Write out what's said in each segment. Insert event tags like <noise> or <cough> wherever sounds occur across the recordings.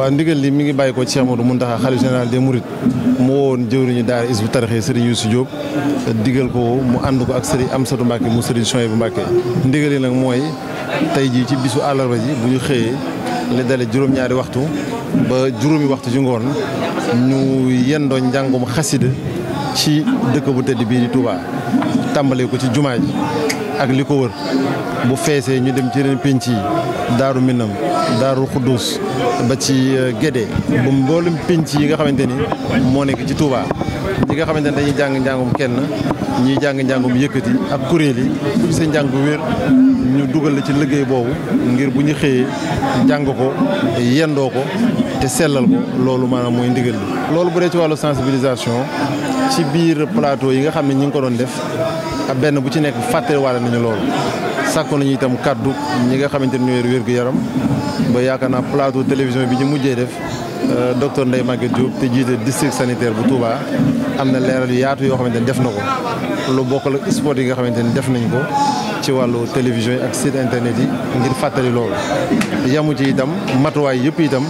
waaw ndigal li mi ngi bàyyi ko mu Amadou Mountakha xalifa général des Mourides mu woon jëwriñu daara is bu tarixee Serigne Youssou Diop digal ko mu ànd ko ak Serigne Amsatou Mbacke mu Serigne Souhaïbou bu ndigal yi nag mooy tey jii ci bisu àllarba ji bu ñu xëyee li dale juróom-ñaari waxtu ba juróomi waxtu ci ngoon ñu yendoo njàngum xasida ci dëkk bu tedd bii di Touba tàmbalee ko ci jumaa ji ak li ko wër bu feesee ñu dem ci yeneen pénc yi daaru minam daaru xuddus ba ci euh, gédé ba mboolem pénc yi nga xamante ni moo nekk ci Touba ñi nga xamante ne dañuy jàng njàngum kenn ñiy jàng njàngum yëkkati ak kuréel yi ku sa njàng bu wér ñu dugal la ci liggéey boobu ngir bu ñu xëyee jàng ko yendoo ko te sellal ko loolu maanaam mooy ndigal li loolu bu dee ci wàllu sensibilisation ci biir plateau yi nga xam ne ñi ngi ko doon def benn bu ci nekk fàttaliwaale nañu loolu sàkku nañu itam kaddu ñi nga xamante ni ñooy wér gu yaram ba yaakaar naa plateau télévision bi ñu mujjee def euh, docteur Ndeye Maguette Diop te jiite district sanitaire bu Touba am na leeral yu yaatu yoo xamante ni def na ko lu bokkal ak sport yi nga xamante ni def nañ ko ci wàllu télévision yi ak site internet yi ngir fàttali loolu yamu ci itam matuwaay yëpp itam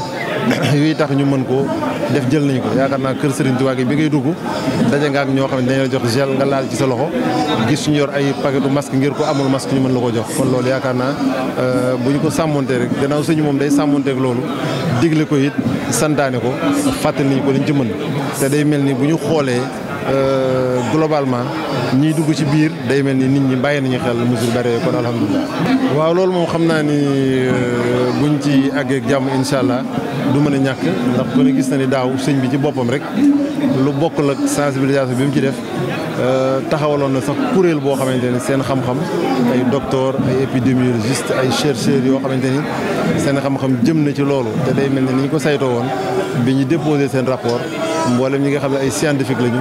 <coughs> yuy tax ñu mën ko def jël nañ ko yaakaar naa kër Serigne Touba gi bi ngay dugg daje nga ak ñoo xam ne dañu jox gel nga laal ci sa loxo gis ñu yor ay paquetu masque ngir ko amul masque ñu mën la ko jox kon loolu yaakaar naa euh, bu ñu ko sàmmonte gannaaw sëñu moom day sàmmonteek loolu digle ko it santaane ko fàttali nañ ko liñ ci mën te day mel ni bu ñu xoolee euh, globalement ñiy dugg ci biir day mel ni nit ñi bàyyi nañu xel mesure barrière kon alhamdulilah. waaw loolu moom xam naa ni euh, buñ ci àggee jàmm incha allah du mën a ñàkk ndax ku gis na ni daaw sëñ bi ci boppam rek lu bokkul ak sensibilisation bi mu ci def. Euh, taxawaloon na sax kuréel boo xamante ni seen xam-xam ay docteur ay épidémiologiste ay chercheurs yoo xamante ni seen xam jëm na ci loolu te day mel ni ñu ko saytoo woon bi ñu déposé seen rapport mboolem ñi nga xam ne ay scientifique lañu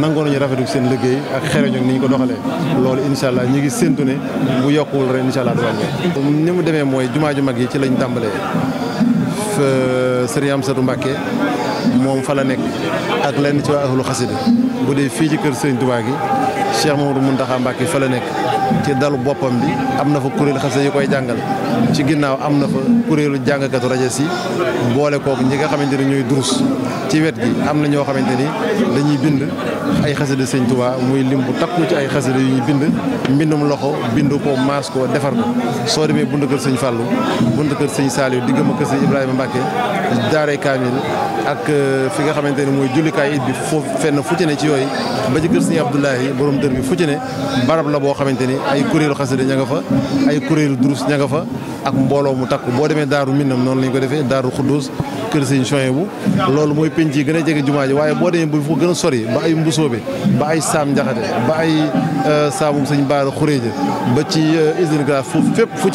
nangoo nañu rafetlu seen liggéey ak xereñu ni ñu ko doxalee loolu incha allah ñu ngi séntu ne bu yokkuwul ren incha allah du wàññi ni mu demee mooy jumaa ju mag yi ci lañ tàmbalee sëriñ Amsatu Mbàkke moom fa la nekk ak lenn ci waa ahlu xasida bu dee fii ci kër Serigne Touba gi Cheikh Mamadou Mountakha Mbacké fa la nekk ci dalu boppam bi am na fa kuréelu xasida yu koy jàngal ci ginnaaw am na fa kuréelu jàngkatu rajo si boole kooku ñi nga xamante ni ñooy durus ci wet gi am na ñoo xamante ni dañuy bind ay xasida Serigne Touba muy lim bu takku ci ay xasida yu ñuy bind mbindum loxo bindu ko maas ko defar ko soo demee buntu kër Serigne Fallou buntu kër Serigne Saliou diggëm a kër Serigne jullikaay it bi foofu fenn fu ci ne ci yooyu ba ci kër Sëriñ Abdoulahi borom dër bi fu barab la boo xamante ni ay kuréelu xasida ña fa ay kuréelu durus ña fa ak mbooloo mu takku boo demee daaru minnam noonu lañ ko defee daaru xuddus kër Sëriñ Coy bu loolu mooy penc yi gën a jege jumaa ji waaye boo demee bu fu gën a sori ba ay mbusoobe ba ay saam njaxate ba ay euh, saamum sëñ baara xuréeja ba ci isine euh, grave foofu fépp fu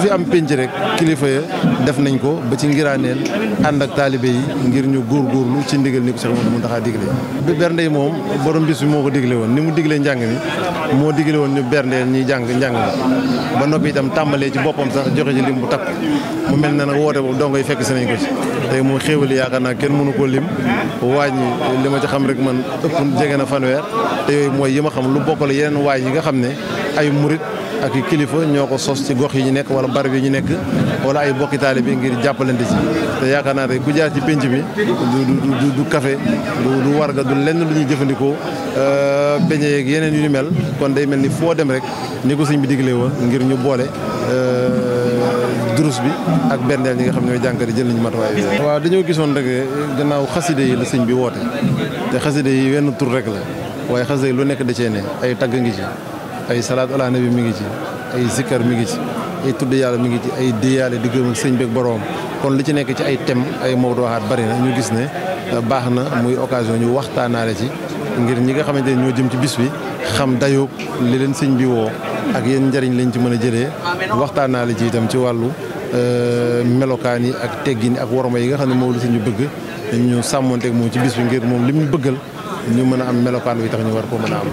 ku fi am pénc rek kilifa ya def nañ ko ba ci ngiraaneel ànd ak taalibe yi ngir ñu góorgóorlu ci ndigal ni ko Cheikh Mouhamadou Mountakha digle bi bernde yi moom borom bis bi moo ko digle woon ni mu diglee njàng mi moo digle woon ñu berndeel ñuy jàng njàng mi ba noppi itam tàmbalee ci boppam sax joxe ci lim bu takk mu mel na nag woote boobu dongo yi fekk si nañ ko ci tey moo xéewali yaakaar naa kenn mënu koo lim waañi li ma ci xam rek man ëpp jege na fanweer te yooyu mooy yi ma xam lu bokk la yeneen waañ yi nga xam ne ay murit ak i kilifa ñoo ko sos ci gox yi ñu nekk wala barab yi ñu nekk wala ay bokki taalibe ngir jàppalante ci te yaakaar naa tey ku jaar ci pénc bi du du café du du warga du lenn lu ñuy jëfandikoo euh, beñe yeeg yeneen yu ni mel kon day mel ni foo dem rek ni ko sëñ bi digle woon ngir ñu boole euh, durus bi ak bendeel ñi nga xam ne ñooy jànkari jël nañu matuwaay bi. waaw dañoo gisoon rek gannaaw xaside yi la sëñ bi woote te xaside yi wenn tur rek la waaye xaside lu nekk da cee ay tagg ay salaat olaane nabi mi ngi ci ay zikkar mi ngi ci ay tudd yàlla mu ngi ci ay diyaale di gëm ak sëñ beeg boroom kon li ci nekk ci ay thème ay Maodo waxaat bari na ñu gis ne euh, baax na muy occasion ñu waxtaanaale ci ngir ñi nga xamante ne ñoo jëm ci bis bi xam dayoo li leen sëñ bi woo ak yéen njëriñ lañ ci mën a jëlee waxtaanaale ci itam ci wàllu euh, melokaan yi ak teggin ak worma yi nga xam ne moom la sëñ bi bëgg ñu sàmmonteeg moom ci bis bi ngir moom li mu bëggal ñu mën a am melokaan wi tax ñu war ko mën a am.